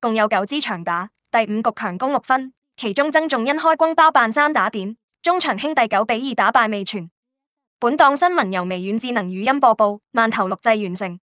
共有九支長打，第五局強攻六分，其中曾仲恩開轟包辦三打點，中場兄弟九比二打敗味全。本檔新聞由微軟智能語音播報，慢頭錄製完成。